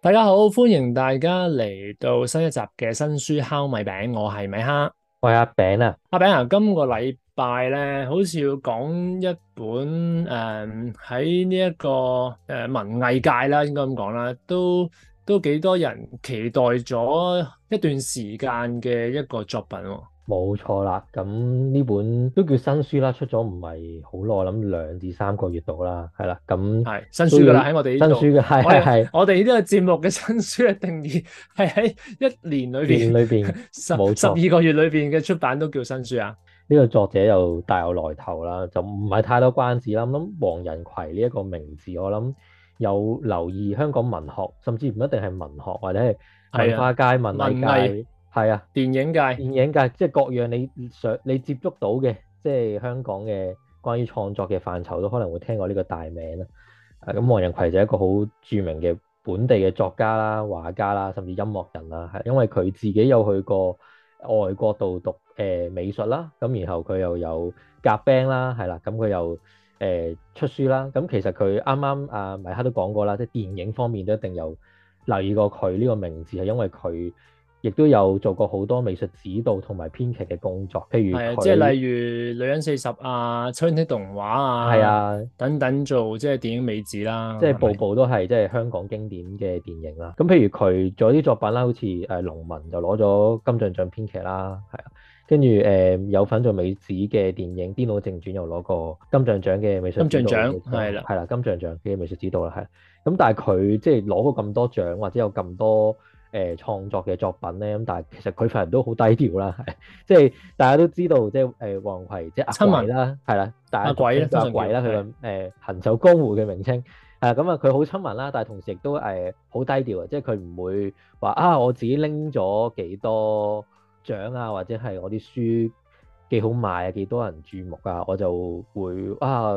大家好，歡迎大家嚟到新一集嘅新書烤米餅，我係米哈，我係阿餅啊，阿餅啊，今個禮拜咧，好似要講一本誒喺呢一個誒、呃、文藝界啦，應該咁講啦，都都幾多人期待咗一段時間嘅一個作品，哦。冇錯啦，咁呢本都叫新書啦，出咗唔係好耐，諗兩至三個月到啦，係啦，咁係新書㗎啦，喺我哋呢度新書㗎，係係係，我哋呢個節目嘅新書嘅定義係喺一年裏邊，年裏十,十二個月裏邊嘅出版都叫新書啊。呢、這個作者又大有來頭啦，就唔係太多關子啦。我諗黃仁逵呢一個名字，我諗有留意香港文學，甚至唔一定係文學或者係文化界、文藝界。係啊，電影界，電影界即係各樣你上你接觸到嘅，即係香港嘅關於創作嘅範疇，都可能會聽過呢個大名啦。咁黃仁逵就係一個好著名嘅本地嘅作家啦、畫家啦，甚至音樂人啦。係因為佢自己有去過外國度讀誒、呃、美術啦，咁然後佢又有夾 band 啦，係啦，咁佢又誒、呃、出書啦。咁其實佢啱啱阿米克都講過啦，即係電影方面都一定有留意過佢呢個名字，係因為佢。亦都有做過好多美術指導同埋編劇嘅工作，譬如係、啊、即係例如《女人四十》啊，《春天動畫》啊，係啊，等等做即係電影美指啦，即係部部都係即係香港經典嘅電影啦、啊。咁譬如佢做啲作品啦，好似誒《籠民》就攞咗金像獎編劇啦，係啊，跟住誒有份做美指嘅電影《癲佬正傳》又攞過金像獎嘅美術金像獎，係啦，係啦，金像獎嘅美術指導啦，係。咁、啊啊啊、但係佢即係攞過咁多獎或者有咁多。誒、呃、創作嘅作品咧，咁但係其實佢份人都好低調啦，係即係大家都知道，即係誒黃仁逵即係阿鬼啦，係啦，但係阿鬼啦，佢咁，誒、呃、行走江湖嘅名稱，係咁啊，佢好親民啦，但係同時亦都誒好低調啊，即係佢唔會話啊，我自己拎咗幾多獎啊，或者係我啲書幾好賣啊，幾多人注目啊，我就會啊，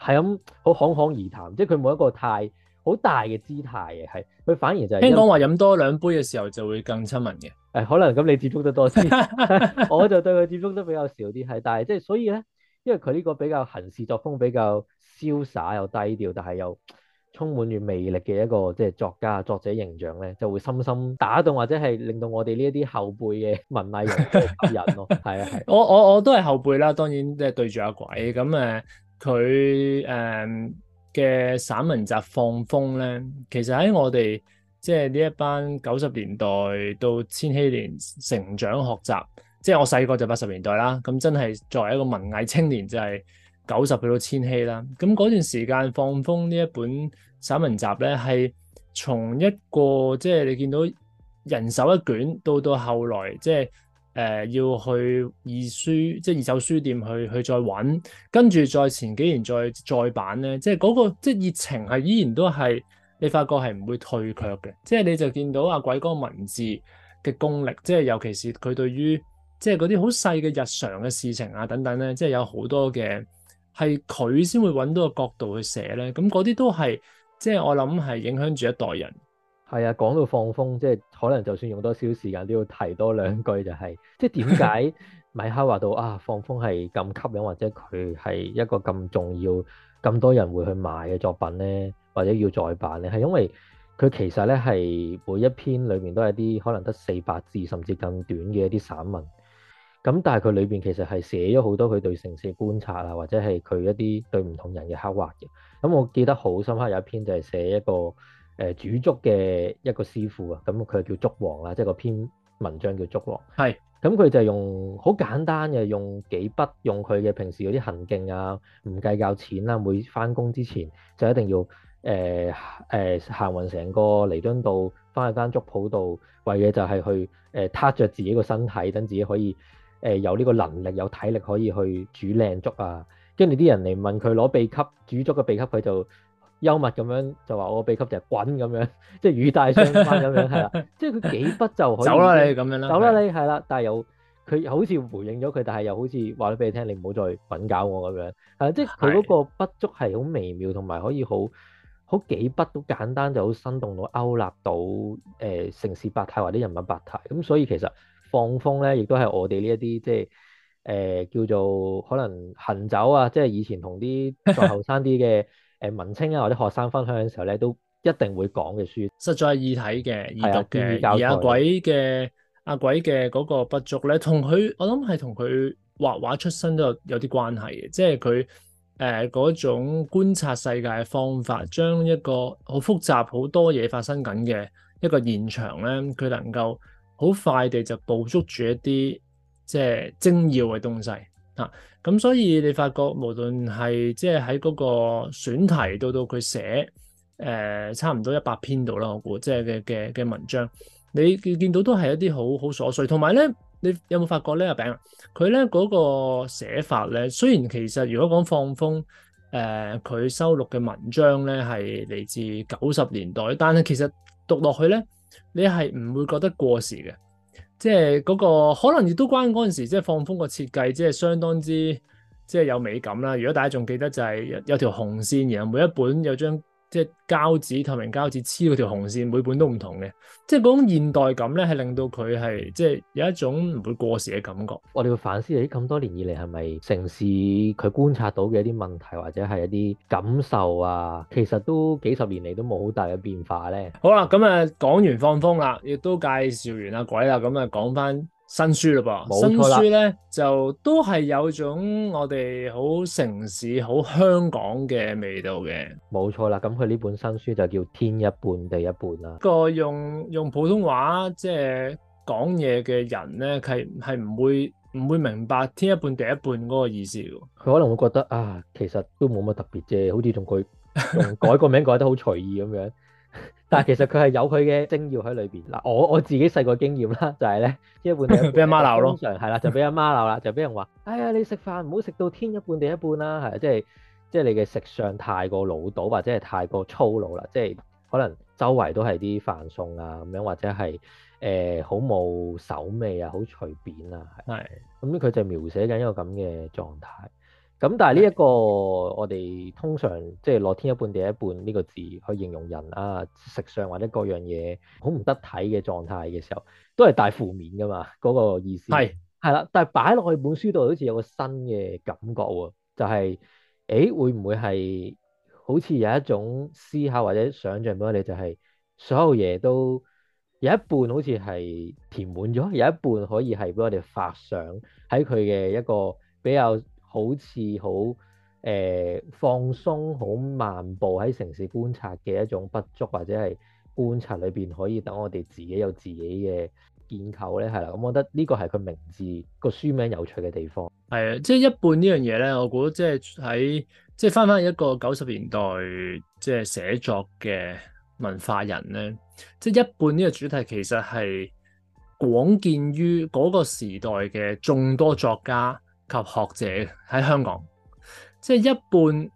係咁好侃侃而談，即係佢每一個太。好大嘅姿態嘅，係佢反而就係聽講話飲多兩杯嘅時候就會更親民嘅。誒、哎，可能咁你接觸得多先， 我就對佢接觸得比較少啲。係，但係即係所以咧，因為佢呢個比較行事作風比較瀟灑又低調，但係又充滿住魅力嘅一個即係、就是、作家作者形象咧，就會深深打動或者係令到我哋呢一啲後輩嘅文藝人吸引咯。係 啊，我我我都係後輩啦，當然即係對住阿鬼咁誒，佢誒。呃嘅散文集《放風》咧，其實喺我哋即係呢一班九十年代到千禧年成長學習，即係我細個就八十年代啦，咁真係作為一個文藝青年，就係九十去到千禧啦。咁嗰段時間，《放風》呢一本散文集咧，係從一個即係你見到人手一卷，到到後來即係。誒、呃、要去二手即係二手書店去去再揾，跟住再前幾年再再版咧，即係嗰、嗰個即係熱情係依然都係你發覺係唔會退卻嘅，即係你就見到阿、啊、鬼哥文字嘅功力，即係尤其是佢對於即係嗰啲好細嘅日常嘅事情啊等等咧，即係有好多嘅係佢先會揾到個角度去寫咧，咁嗰啲都係即係我諗係影響住一代人。係啊，講到放風，即係可能就算用多少時間都要提多兩句，就係，就、嗯、係即係點解米哈話到啊，放風係咁吸引，或者佢係一個咁重要、咁多人會去買嘅作品咧，或者要再版咧，係因為佢其實咧係每一篇裏面都係啲可能得四百字甚至更短嘅一啲散文。咁但係佢裏邊其實係寫咗好多佢對城市觀察啊，或者係佢一啲對唔同人嘅刻畫嘅。咁我記得好深刻有一篇就係寫一個。誒煮粥嘅一個師傅啊，咁佢就叫粥王啦，即係個篇文章叫粥王。係，咁佢就用好簡單嘅，用幾筆用佢嘅平時嗰啲行徑啊，唔計較錢啦、啊。每翻工之前就一定要誒誒、呃呃、行運成個彌敦道，翻去間粥鋪度，為嘅就係去誒撻、呃、著自己個身體，等自己可以誒、呃、有呢個能力、有體力可以去煮靚粥啊。跟住啲人嚟問佢攞秘笈，煮粥嘅秘笈，佢就～幽默咁樣就話我鼻吸就係滾咁樣，即係語帶雙關咁樣係啦，即係佢幾筆就可以 走啦你咁樣啦，走啦你係啦，但係又佢好似回應咗佢，但係又好似話咗俾你聽，你唔好再滾搞我咁樣，係即係佢嗰個筆觸係好微妙，同埋可以好好幾筆都簡單，就好生動勾勒到勾勒到誒城市百態或者人物百態，咁 所以其實放風咧，亦都係我哋呢一啲即係誒、呃、叫做可能行走啊，即係以前同啲再後生啲嘅。誒文青啊，或者學生分享嘅時候咧，都一定會講嘅書，實在係易睇嘅、易讀嘅。而阿鬼嘅阿鬼嘅嗰個筆觸咧，同佢我諗係同佢畫畫出身都有有啲關係嘅，即係佢誒嗰種觀察世界嘅方法，將一個好複雜好多嘢發生緊嘅一個現場咧，佢能夠好快地就捕捉住一啲即係精要嘅東西。啊，咁所以你發覺無論係即係喺嗰個選題到到佢寫，誒、呃、差唔多一百篇度啦，我估即係嘅嘅嘅文章，你見到都係一啲好好瑣碎。同埋咧，你有冇發覺咧阿餅？佢咧嗰個寫法咧，雖然其實如果講放風，誒、呃、佢收錄嘅文章咧係嚟自九十年代，但係其實讀落去咧，你係唔會覺得過時嘅。即係嗰、那個可能亦都關於嗰陣時，即係放風個設計，即係相當之即係有美感啦。如果大家仲記得，就係、是、有,有條紅線，然後每一本有張。即係，膠紙、透明膠紙黐嗰條紅線，每本都唔同嘅。即係嗰種現代感咧，係令到佢係即係有一種唔會過時嘅感覺。我哋會反思喺咁多年以嚟，係咪城市佢觀察到嘅一啲問題，或者係一啲感受啊，其實都幾十年嚟都冇好大嘅變化咧。好啦，咁、嗯、啊講完放風啦，亦都介紹完阿鬼啦，咁、嗯、啊講翻。新書嘞噃，新書咧就都係有種我哋好城市、好香港嘅味道嘅，冇錯啦。咁佢呢本新書就叫《天一半地一半》啦。這個用用普通話即係講嘢嘅人咧，係係唔會唔會明白天一半地一半嗰個意思嘅。佢可能會覺得啊，其實都冇乜特別啫，好似仲改改個名 改得好隨意咁樣。但係其實佢係有佢嘅精要喺裏邊嗱，我我自己細個經驗啦， 就係咧一半地俾阿媽鬧咯，通常係啦就俾阿媽鬧啦，就俾人話，哎呀你食飯唔好食到天一半地一半啦，係即係即係你嘅食相太過老到，或者係太過粗魯啦，即係可能周圍都係啲飯餸啊咁樣，或者係誒好冇手味手尾啊，好隨便啊，係咁佢就描寫緊一個咁嘅狀態。咁但係呢一個我哋通常即係落天一半地一半呢個字去形容人啊、食相或者各樣嘢好唔得體嘅狀態嘅時候，都係大負面㗎嘛，嗰、那個意思。係係啦，但係擺落去本書度好似有個新嘅感覺喎，哦，就係，是，誒、欸、會唔會係好似有一種思考或者想像俾我哋，就係所有嘢都有一半好似係填滿咗，有一半可以係俾我哋發想喺佢嘅一個比較。好似好誒，放鬆好漫步喺城市觀察嘅一種不足，或者係觀察裏邊可以等我哋自己有自己嘅建構咧，係啦。咁，我覺得呢個係佢名字個書名有趣嘅地方。係啊，即係一半呢樣嘢咧，我估即係喺即係翻翻一個九十年代即係寫作嘅文化人咧，即係一半呢個主題其實，係廣見於嗰個時代嘅眾多作家及學者喺香港，即係一半，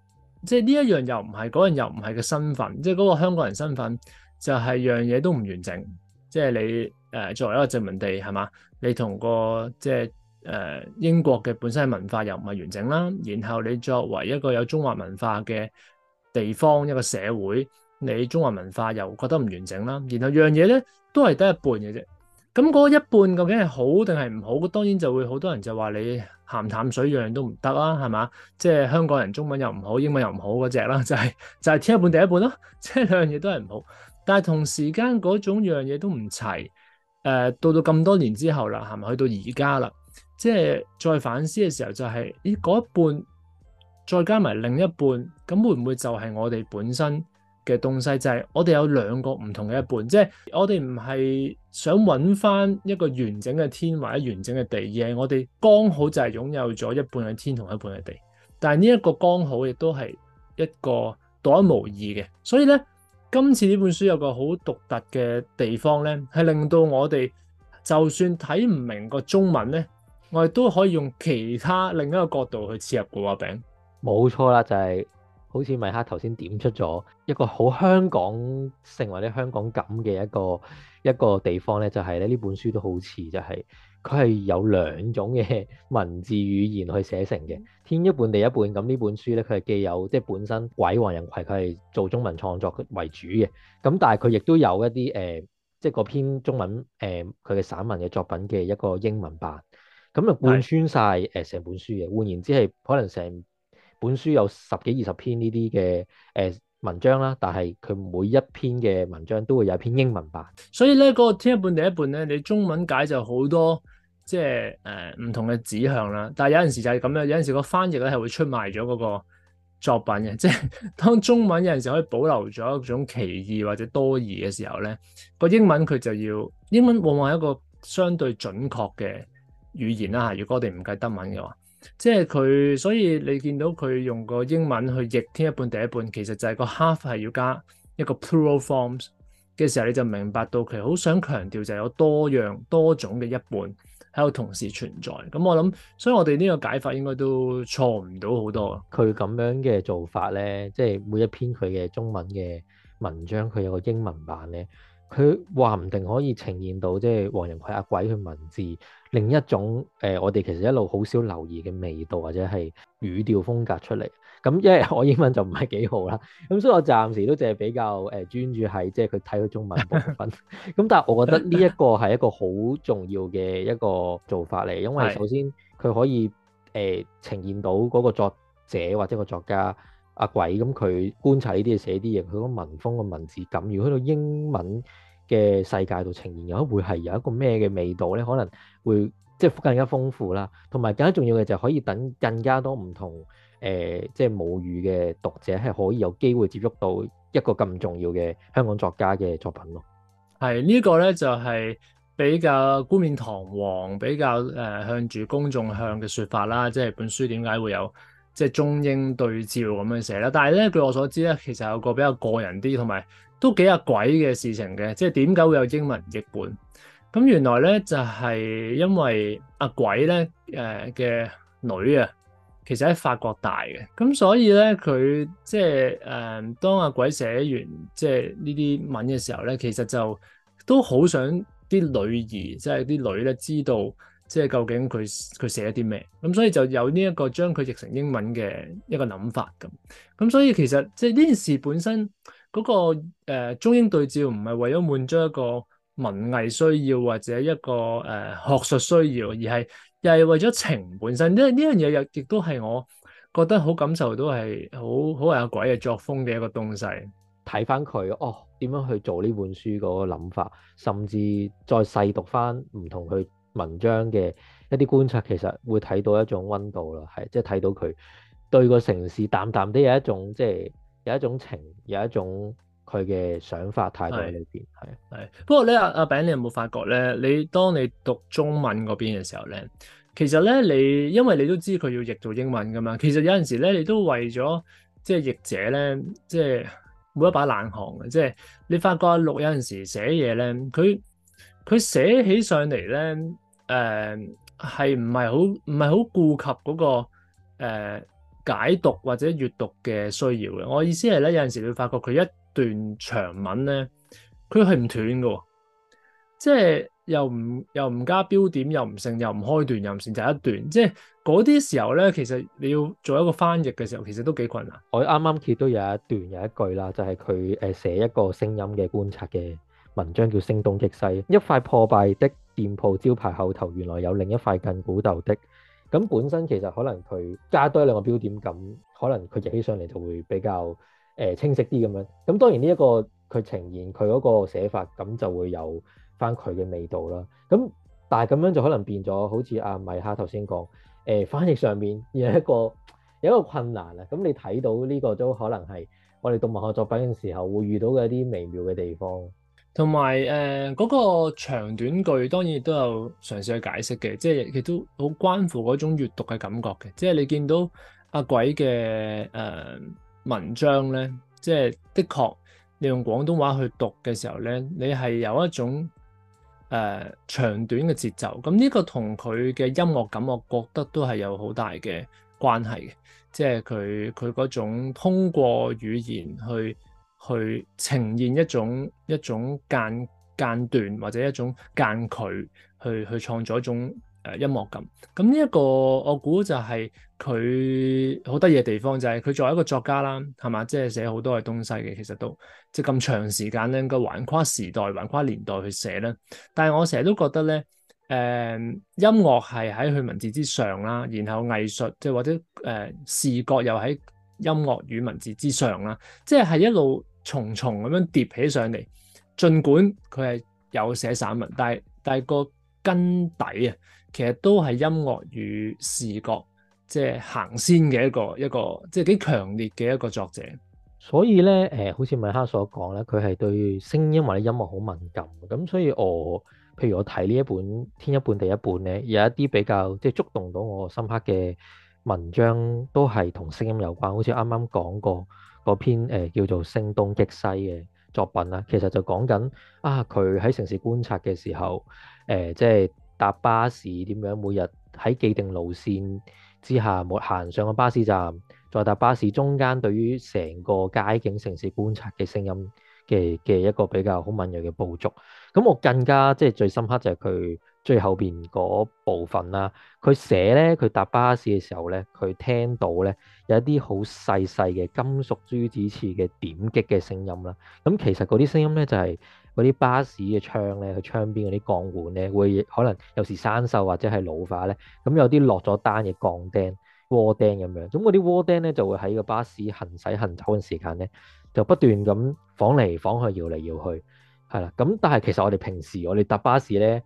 即係呢一樣又唔係，嗰樣又唔係嘅身份，即係嗰個香港人身份就係樣嘢都唔完整。即係你誒、呃、作為一個殖民地係嘛，你同個即係誒、呃、英國嘅本身文化又唔係完整啦。然後你作為一個有中華文化嘅地方一個社會，你中華文化又覺得唔完整啦。然後樣嘢咧都係得一半嘅啫。咁嗰一半究竟係好定係唔好？當然就會好多人就話你鹹淡水樣都唔得啦，係咪？即係香港人中文又唔好，英文又唔好嗰隻啦，就係就係天一半地一半咯，即係兩樣嘢都係唔好。但係同時間嗰種樣嘢都唔齊。呃，到到咁多年之後啦，係嘛？去到而家啦，即係再反思嘅時候，就係呢嗰一半，再加埋另一半，咁會唔會就係我哋本身？嘅東西就係我哋有兩個唔同嘅一半，即係我哋唔係想揾翻一個完整嘅天或者完整嘅地，而係我哋剛好就係擁有咗一半嘅天同一半嘅地，但係呢一個剛好亦都係一個獨一無二嘅。所以咧，今次呢本書有個好獨特嘅地方咧，係令到我哋就算睇唔明個中文咧，我哋都可以用其他另一個角度去切入《古話餅》。冇錯啦，就係。好似米哈頭先點出咗一個好香港，成為啲香港感嘅一個一個地方咧，就係、是、咧呢這本書都好似就係佢係有兩種嘅文字語言去寫成嘅。天一半地一半咁呢本書咧，佢係既有即係本身鬼、黃仁逵，佢係做中文創作為主嘅。咁但係佢亦都有一啲誒、呃，即係嗰篇中文誒佢嘅散文嘅作品嘅一個英文版，咁就貫穿晒誒成本書嘅。換言之係可能成。本書有十幾二十篇呢啲嘅誒文章啦，但係佢每一篇嘅文章都會有一篇英文版。所以咧，嗰個天一半地一半咧，你中文解就好多即係誒唔同嘅指向啦。但係有陣時就係咁樣，有陣時個翻譯咧係會出賣咗嗰個作品嘅。即係當中文有陣時可以保留咗一種歧義或者多義嘅時候咧，個英文佢就要英文往往係一個相對準確嘅語言啦嚇。如果我哋唔計德文嘅話。即係佢，所以你見到佢用個英文去譯天一半地一半，其實就係個 half 係要加一個 plural forms 嘅時候，你就明白到佢好想強調就係有多樣多種嘅一半喺度同時存在。咁我諗，所以我哋呢個解法應該都錯唔到好多。佢咁樣嘅做法咧，即係每一篇佢嘅中文嘅文章，佢有個英文版咧，佢話唔定可以呈現到，即係黃仁逵阿鬼佢文字。另一種誒，我哋其實一路好少留意嘅味道或者係語調風格出嚟。咁因為我英文就唔係幾好啦，咁所以我暫時都淨係比較誒，專注係即係佢睇佢中文部分，咁但係我覺得呢一個係一個好重要嘅一個做法嚟，因為首先佢可以誒，呈現到嗰個作者或者個作家阿鬼，咁佢觀察呢啲嘢寫啲嘢、佢嗰個文風嘅文字感，如果喺度英文嘅世界度呈現，又會係有一個咩嘅味道咧？可能會即係更加豐富啦，同埋更加重要嘅就可以等更加多唔同誒、呃、即係母語嘅讀者係可以有機會接觸到一個咁重要嘅香港作家嘅作品咯。係、這個、呢個咧就係、是、比較冠冕堂皇，比較誒、呃、向住公眾向嘅説法啦。即係本書點解會有？即係中英對照咁樣寫啦，但係咧據我所知咧，其實有個比較個人啲同埋都幾阿鬼嘅事情嘅，即係點解會有英文譯本？咁原來咧就係、是、因為阿鬼咧誒嘅女啊，其實喺法國大嘅，咁所以咧佢即係誒、呃、當阿鬼寫完即係呢啲文嘅時候咧，其實就都好想啲女兒即係啲女咧知道。即係究竟佢佢寫咗啲咩？咁所以就有呢一個將佢譯成英文嘅一個諗法咁。咁所以其實即係呢件事本身嗰、個、呃、中英對照唔係為咗滿足一個文藝需要或者一個誒、呃、學術需要，而係又係為咗情本身。即係呢樣嘢又亦都係我覺得好感受到係好好有鬼嘅作風嘅一個東西。睇翻佢哦，點樣去做呢本書嗰個諗法，甚至再細讀翻唔同佢。文章嘅一啲觀察，其實會睇到一種溫度啦，係即係睇到佢對個城市淡淡啲，有一種即係有一種情，有一種佢嘅想法態度喺裏邊，係係。不過咧，阿阿餅，你有冇發覺咧？你當你讀中文嗰邊嘅時候咧，其實咧你因為你都知佢要譯做英文噶嘛，其實有陣時咧你都為咗即係譯者咧，即係每一把冷行嘅，即係你發覺阿鬼有陣時寫嘢咧，佢。佢寫起上嚟咧，誒係唔係好唔係好顧及嗰、嗰個、呃、解讀或者閱讀嘅需要嘅？我意思係咧，有陣時候你會發覺佢一段長文咧，佢係唔斷嘅，即係又唔又唔加標點，又唔剩，又唔開段，又唔剩，就一段。即係嗰啲時候咧，其實你要做一個翻譯嘅時候，其實都幾困難。我啱啱見到有一段有一句啦，就係佢誒寫一個聲音嘅觀察嘅。文章叫《聲東擊西》，一塊破敗的店鋪招牌後頭原來有另一塊更古舊的。咁本身其實可能佢加多一兩個標點咁，可能佢寫起上嚟就會比較誒清晰啲咁樣。咁當然呢一個佢呈現佢嗰個寫法咁就會有返佢嘅味道啦。咁但係咁樣就可能變咗好似阿米哈頭先講誒，翻譯上面有一個有一個困難喇。咁你睇到呢個都可能係我哋讀文學作品嘅時候會遇到嘅一啲微妙嘅地方。同埋誒嗰個長短句當然都有嘗試去解釋嘅，即係亦都好關乎嗰種閱讀嘅感覺嘅。即係你見到阿鬼嘅誒、呃、文章咧，即係的確你用廣東話去讀嘅時候咧，你係有一種誒、呃、長短嘅節奏。咁呢個同佢嘅音樂感，我覺得都係有好大嘅關係嘅。即係佢佢嗰種通過語言去。去呈現一種一種間間斷或者一種間距，去去創造一種誒、呃、音樂感。咁呢一個我估就係佢好得意嘅地方，就係、是、佢作為一個作家啦，係嘛？即係寫好多嘅東西嘅，其實都即係咁長時間咧，個橫跨時代、橫跨年代去寫啦。但係我成日都覺得咧，誒、呃、音樂係喺佢文字之上啦，然後藝術即係或者誒、呃、視覺又喺音樂與文字之上啦，即係係一路。重重咁樣疊起上嚟，儘管佢係有寫散文，但係但係個根底啊，其實都係音樂與視覺即係、就是、行先嘅一個一個，即係幾強烈嘅一個作者。所以咧，誒、呃，好似米哈所講咧，佢係對聲音或者音樂好敏感。咁所以我譬如我睇呢一本《天一半地一半》咧，有一啲比較即係觸動到我深刻嘅文章，都係同聲音有關。好似啱啱講過。嗰篇誒、呃、叫做《聲東擊西》嘅作品啦，其實就講緊啊，佢喺城市觀察嘅時候，誒、呃、即係搭巴士點樣，每日喺既定路線之下，冇行上個巴士站，再搭巴士中間，對於成個街景城市觀察嘅聲音嘅嘅一個比較好敏銳嘅捕捉。咁我更加即係最深刻就係佢。最後邊嗰部分啦，佢寫咧，佢搭巴士嘅時候咧，佢聽到咧有一啲好細細嘅金屬珠子似嘅點擊嘅聲音啦。咁、嗯、其實嗰啲聲音咧就係嗰啲巴士嘅窗咧，佢窗邊嗰啲鋼管咧會可能有時生鏽或者係老化咧。咁、嗯、有啲落咗單嘅鋼釘、鑊釘咁樣。咁嗰啲鑊釘咧就會喺個巴士行駛行走嘅時間咧，就不斷咁晃嚟晃去、搖嚟搖去，係啦。咁、嗯、但係其實我哋平時我哋搭巴士咧。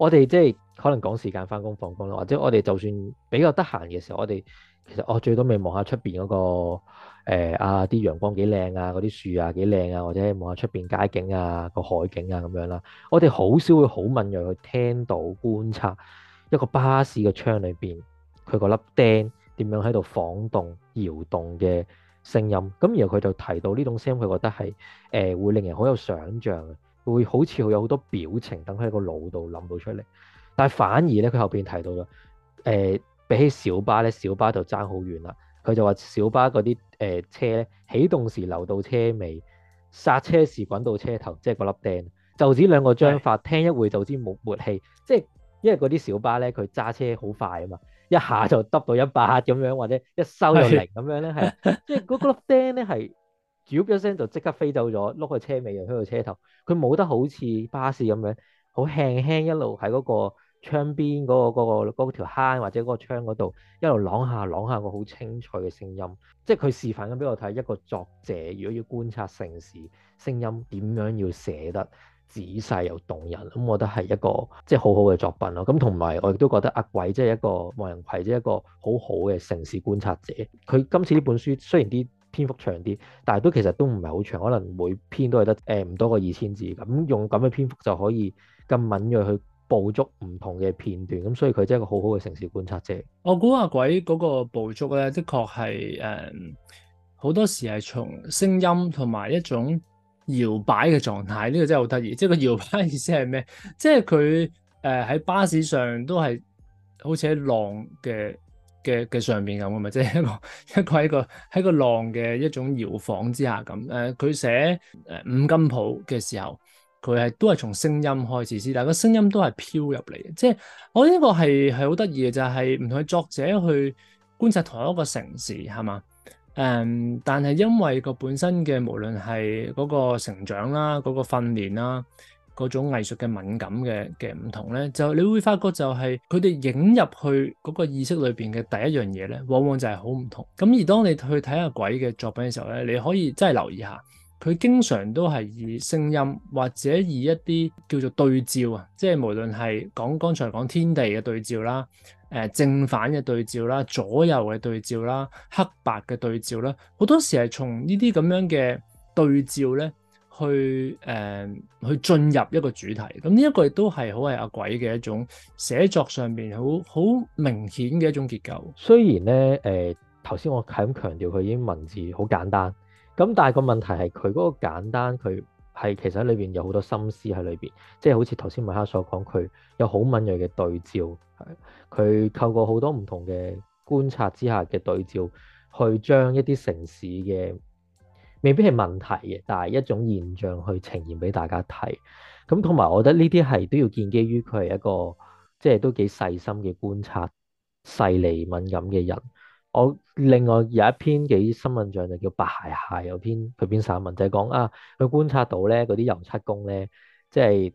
我哋即係可能趕時間翻工放工啦，或者我哋就算比較得閒嘅時候，我哋其實我、哦、最多咪望下出邊嗰個啊啲陽光幾靚啊，嗰啲樹啊幾靚啊，或者望下出邊街景啊、個海景啊咁樣啦。我哋好少會好敏銳去聽到觀察一個巴士嘅窗裏邊佢嗰粒釘點樣喺度晃動搖動嘅聲音。咁然後佢就提到呢種聲音，佢覺得係誒、呃、會令人好有想像。會好似佢有好多表情，等佢喺個腦度諗到出嚟。但係反而咧，佢後邊提到咗，誒、呃、比起小巴咧，小巴就爭好遠啦。佢就話小巴嗰啲誒車，起動時流到車尾，剎車時滾到車頭，即係個粒釘。就只兩個章法，聽一會就知冇活氣。即、就、係、是、因為嗰啲小巴咧，佢揸車好快啊嘛，一下就揼到一百咁樣，或者一收又零咁樣咧，係即係嗰個粒釘咧係。叫一聲就即刻飛走咗，碌個車尾又喺度車頭，佢冇得好似巴士咁樣，好輕輕一路喺嗰個窗邊嗰個、嗰個、嗰個、嗰條坑或者嗰個窗嗰度一路啷下啷下個好清脆嘅聲音，即係佢示範緊俾我睇一個作者如果要觀察城市聲音點樣要寫得仔細又動人，咁我覺得係一個即係、就是、好好嘅作品咯。咁同埋我亦都覺得阿鬼即係一個黃仁逵即係一個好好嘅城市觀察者，佢今次呢本書雖然啲，篇幅長啲，但係都其實都唔係好長，可能每篇都係得誒唔、呃、多過二千字咁。用咁嘅篇幅就可以咁敏鋭去捕捉唔同嘅片段，咁所以佢真係一個很好好嘅城市觀察者。我估阿鬼嗰個捕捉咧，的確係誒好多時係從聲音同埋一種搖擺嘅狀態，呢、呢個真係好得意。即係個搖擺意思係咩？即係佢誒喺巴士上都係好似喺浪嘅。嘅嘅上邊咁嘅，咪即係一個一個喺個喺個浪嘅一種搖晃之下咁誒，佢、呃、寫誒五金譜嘅時候，佢係都係從聲音開始先，但個聲音都係飄入嚟，即係我呢個係係好得意嘅，就係唔同嘅作者去觀察同一個城市係嘛誒，但係因為個本身嘅無論係嗰個成長啦，嗰個訓練啦。各種藝術嘅敏感嘅嘅唔同咧，就你會發覺就係佢哋影入去嗰個意識裏面嘅第一樣嘢咧，往往就係好唔同。咁而當你去睇阿鬼嘅作品嘅時候咧，你可以真係留意下，佢經常都係以聲音或者以一啲叫做對照啊，即係無論係講剛才講天地嘅對照啦，誒正反嘅對照啦，左右嘅對照啦，黑白嘅對照啦，好多時係從呢啲咁樣嘅對照咧。去誒、嗯、去進入一個主題，咁呢一個亦都係好係阿鬼嘅一種寫作上邊好好明顯嘅一種結構。雖然咧誒頭先我係咁強調佢啲文字好簡單，咁但係個問題係佢嗰個簡單，佢係其實裏邊有好多心思喺裏邊，即係好似頭先米哈所講，佢有好敏銳嘅對照，係佢透過好多唔同嘅觀察之下嘅對照，去將一啲城市嘅。未必係問題嘅，但係一種現象去呈現俾大家睇。咁同埋，我覺得呢啲係都要建基於佢係一個即係都幾細心嘅觀察、細膩敏感嘅人。我另外有一篇幾新聞像就叫《白鞋鞋》，有篇佢篇散文就係講啊，佢觀察到咧嗰啲油漆工咧，即係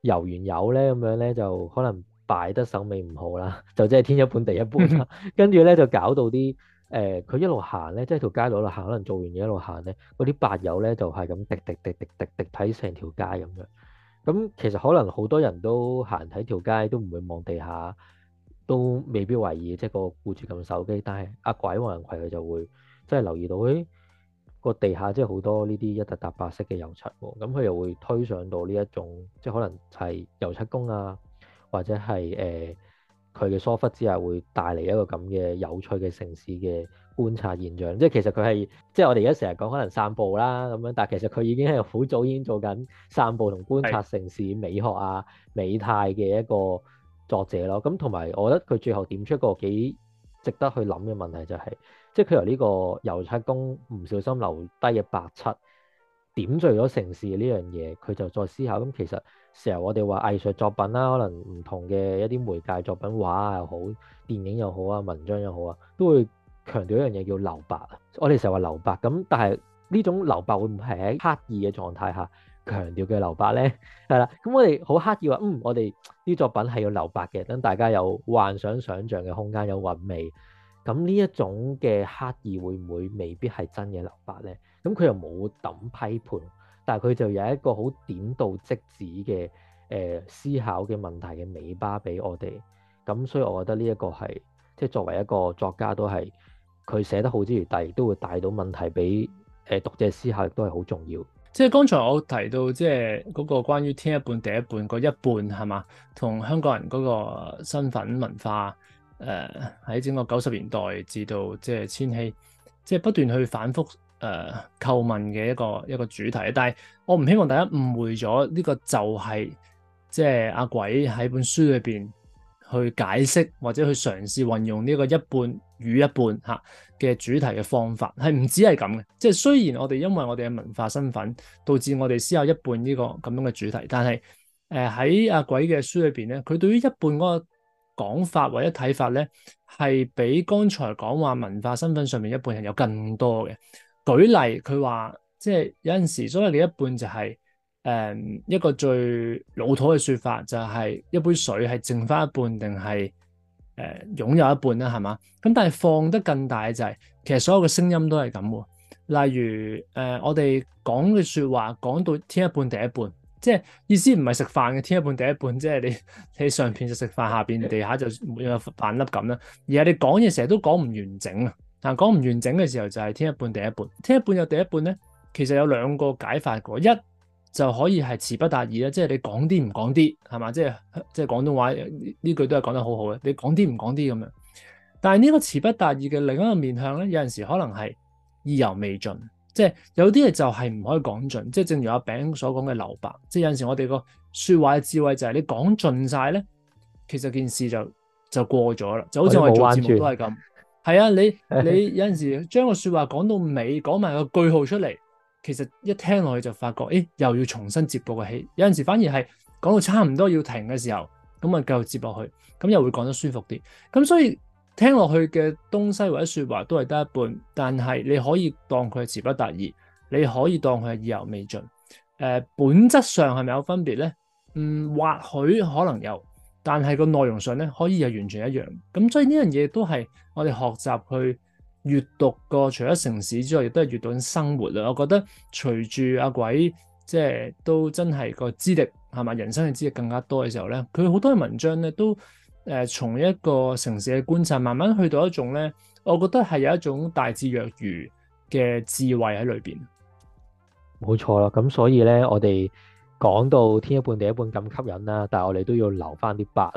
油完油咧咁樣咧，就可能擺得手尾唔好啦，就即係天一半地一半。啦、嗯。跟住咧就搞到啲。誒、呃、佢一路行咧，即係條街度一路行，可能做完嘢一路行咧，嗰啲白油咧就係咁滴,滴滴滴滴滴滴，睇成條街咁樣。咁其實可能好多人都行喺條街都唔會望地下，都未必懷疑，即係個顧住撳手機。但係阿、啊、鬼黃仁逵佢就會即係留意到，誒、哎、個地下即係好多呢啲一笪笪白色嘅油漆喎。咁佢又會推上到呢一種，即係可能係油漆工啊，或者係誒。呃佢嘅疏忽之下，會帶嚟一個咁嘅有趣嘅城市嘅觀察現象。即係其實佢係，即係我哋而家成日講可能散步啦咁樣，但係其實佢已經係好早已經做緊散步同觀察城市美學啊、美態嘅一個作者咯。咁同埋，我覺得佢最後點出一個幾值得去諗嘅問題，就係，即係佢由呢個油漆工唔小心留低嘅白漆，點綴咗城市呢樣嘢，佢就再思考。咁其實。成日我哋話藝術作品啦，可能唔同嘅一啲媒介作品，畫又好，電影又好啊，文章又好啊，都會強調一樣嘢叫留白啊。我哋成日話留白，咁但係呢種留白會唔係喺刻意嘅狀態下強調嘅留白咧？係啦，咁我哋好刻意話，嗯，我哋啲作品係要留白嘅，等大家有幻想、想像嘅空間，有韻味。咁呢一種嘅刻意會唔會未必係真嘅留白咧？咁佢又冇等批判。但係佢就有一個好點到即止嘅誒、呃、思考嘅問題嘅尾巴俾我哋，咁所以我覺得呢一個係即係作為一個作家都係佢寫得好之餘，但亦都會帶到問題俾誒、呃、讀者思考，亦都係好重要的。即係剛才我提到即係嗰個關於天一半地一半嗰一半係嘛，同香港人嗰個身份文化誒喺、呃、整個九十年代至到即係千禧，即、就、係、是、不斷去反覆。誒、呃，叩問嘅一個一個主題，但係我唔希望大家誤會咗呢、這個就係、是、即係阿鬼喺本書裏邊去解釋或者去嘗試運用呢個一半與一半吓嘅主題嘅方法，係唔止係咁嘅。即係雖然我哋因為我哋嘅文化身份導致我哋先有一半呢、這個咁樣嘅主題，但係誒喺阿鬼嘅書裏邊咧，佢對於一半嗰個講法或者睇法咧，係比剛才講話文化身份上面一半人有更多嘅。舉例，佢話即係有陣時，所謂嘅一半就係、是、誒、嗯、一個最老土嘅説法，就係、是、一杯水係剩返一半定係誒擁有一半咧，係嘛？咁但係放得更大嘅就係、是、其實所有嘅聲音都係咁喎。例如誒、呃，我哋講嘅説話講到天一半地一半，即係意思唔係食飯嘅天一半地一半，即、就、係、是、你你上邊就食飯，下邊地下就有飯粒咁啦。而係你講嘢成日都講唔完整啊！但講唔完整嘅時候就係天一半地一半，天一半又地一半咧，其實有兩個解法嘅，一就可以係詞不達意啦，即係你講啲唔講啲，係嘛？即係即係廣東話呢句都係講得好好嘅，你講啲唔講啲咁樣。但係呢個詞不達意嘅另一個面向咧，有陣時可能係意猶未盡，即係有啲嘢就係唔可以講盡，即係正如阿餅所講嘅留白。即係有陣時我哋個説話嘅智慧就係你講盡晒咧，其實件事就就過咗啦，就好似我哋做節目都係咁。我係啊，你你有陣時將個説話講到尾，講埋個句號出嚟，其實一聽落去就發覺，誒、欸、又要重新接續個氣。有陣時反而係講到差唔多要停嘅時候，咁啊繼續接落去，咁又會講得舒服啲。咁所以聽落去嘅東西或者説話都係得一半，但係你可以當佢係辭不達意，你可以當佢係意猶未盡。誒、呃，本質上係咪有分別咧？嗯，或許可能有。但係個內容上咧，可以又完全一樣的。咁所以呢樣嘢都係我哋學習去閱讀個，除咗城市之外，亦都係閱讀生活啊。我覺得隨住阿鬼即係都真係個資歷係嘛，人生嘅資歷更加多嘅時候咧，佢好多嘅文章咧都誒、呃、從一個城市嘅觀察，慢慢去到一種咧，我覺得係有一種大智若愚嘅智慧喺裏邊。冇錯啦，咁所以咧，我哋。講到天一半地一半咁吸引啦，但我哋都要留翻啲白，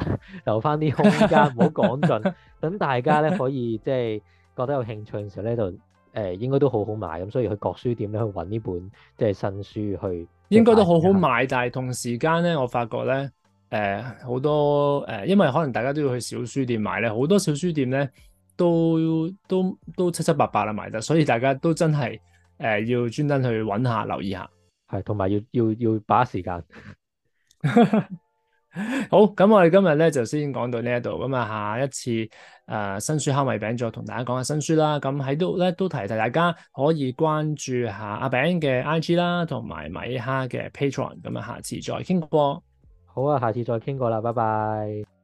留翻啲空間，唔好講盡。等 大家咧可以即係、就是、覺得有興趣嘅時候咧，就、呃、應該都好好買咁，所以去各書店咧去揾呢本即係、就是、新書去。應該都好好買，但係同時間咧，我發覺咧呃、好多、呃、因為可能大家都要去小書店買咧，好多小書店咧都都都七七八八啦賣得，所以大家都真係、呃、要專登去揾下留意下。係，同埋要要要握把時間。 好，咁我哋今日咧就先講到呢一度。咁啊，下一次誒、呃、新書烤米餅再同大家講下新書啦。咁喺度咧都提提大家可以關注下阿餅嘅 I G 啦，同埋米哈嘅 Patron。咁啊，下次再傾過。好啊，下次再傾過啦，拜拜。